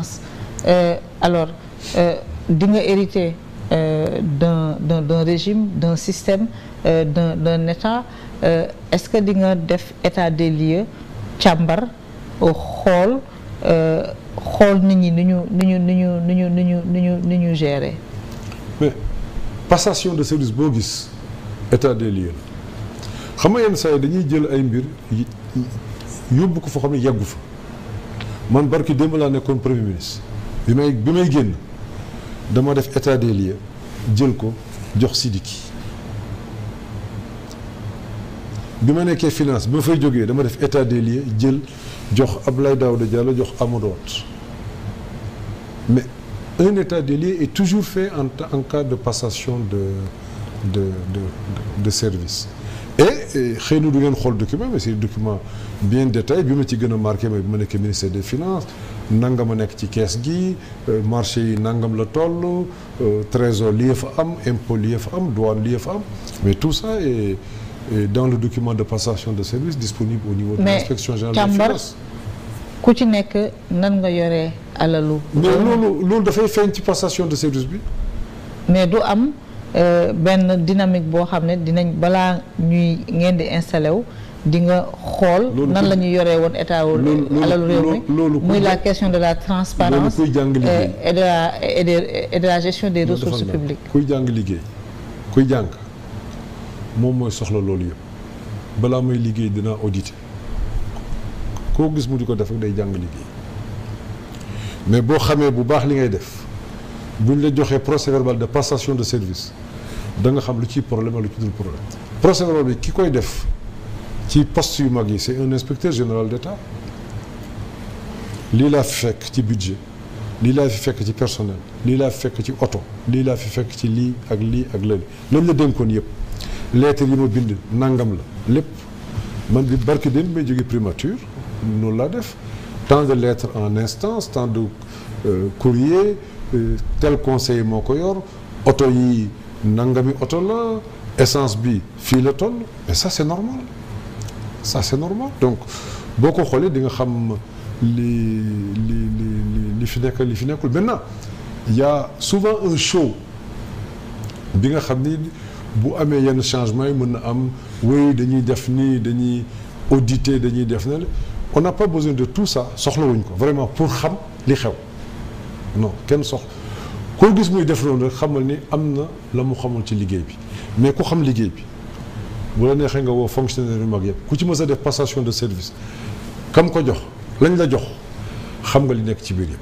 violence euh, alors euh, di nga hériter euh, d'un d'un régime d'un système d'un d'un état est-ce que di nga def état des lieux càmbar xool xool nit ñi ni ñu ni ñu ni ñu ni ñu ni ñu ni ñu ni ñu gérer mais passation de service boo gis état des lieux la xam nga yenn saa yi dañuy jël ay mbir yóbbu ko foo xam ne yeggu fa man barki démb laa nekkoon premier ministre bi may bi may génn dama def état des lieux jël ko jox Sidiki bi ma nekkee finance bi ma fay jógee dama def état des lieux jël jox Abdoulaye Daouda Diallo jox Amadou Hott mais un état des lieux est toujours fait en en cas de passation de de, de service. et xëy na du ngeen xool document mais c'est document bien détaillé bi ma ci gën a marqué mooy bi ma nekkee ministère de finances nanga a nekk ci kees gi euh, marché yi nangam la toll euh, trésor li fa am impôt li fa am douane li fa am mais tout ça est, est dans le document de passation de service disponible au niveau de l'inspection générale des finances ku ci nekk nan nga yoree alalu mais loolu loolu dafay feeñ ci passation de service bi mais du am Euh, benn dynamique boo xam ne dinañ balaa ñuy ngeen di installé wu di nga xool nan la ñu yoree woon état wu alalu réew mi la question de la transparence et de la et des ressources publiques kuy jàng liggéey kuy jàng moom mooy soxla loolu yëpp balaa may liggéey dinaa auditer koo gis mu di ko def day jàng liggéey mais boo xamee bu baax li ngay def bu ñu la joxee procès verbal de passation de service da nga xam lu ciy problème ak lu ci dul problème procès verbal bi ki koy def ci poste yu mag yi c'est un inspecteur général d'État lii laa fi fekk ci budget lii laa fi fekk ci personnel lii laa fi fekk ci oto lii laa fi fekk ci lii ak lii ak lële lañ la dénkoon yëpp lettre yi ma bind nangam la lépp man bi barki dem may jóge primature noonu laa def tant de lettres en instance tant de euh, courrier tel conseiller moo ko yor oto yi nangami oto la essence bi fii la ton mais ça c'est normal ça c'est normal donc boo ko xoolee di nga xam li li li li fi nekk li fi nekkul maintenant y a souvent un show bi nga xam ni bu amee yenn changement yi mën na am wéy dañuy def nii dañuy auditer dañuy def na on n'a pas besoin de tout ça soxlawuñ ko vraiment pour xam li xew non kenn sox koo gis muy def loolu rek xamal ni am na la mu xamul ci liggéey bi mais ku xam liggéey bi bu la neexee nga woo fonctionnaire yu mag yëpp ku ci mës a def passation de service kam ko jox lañ la jox xam nga li nekk ci biir yëpp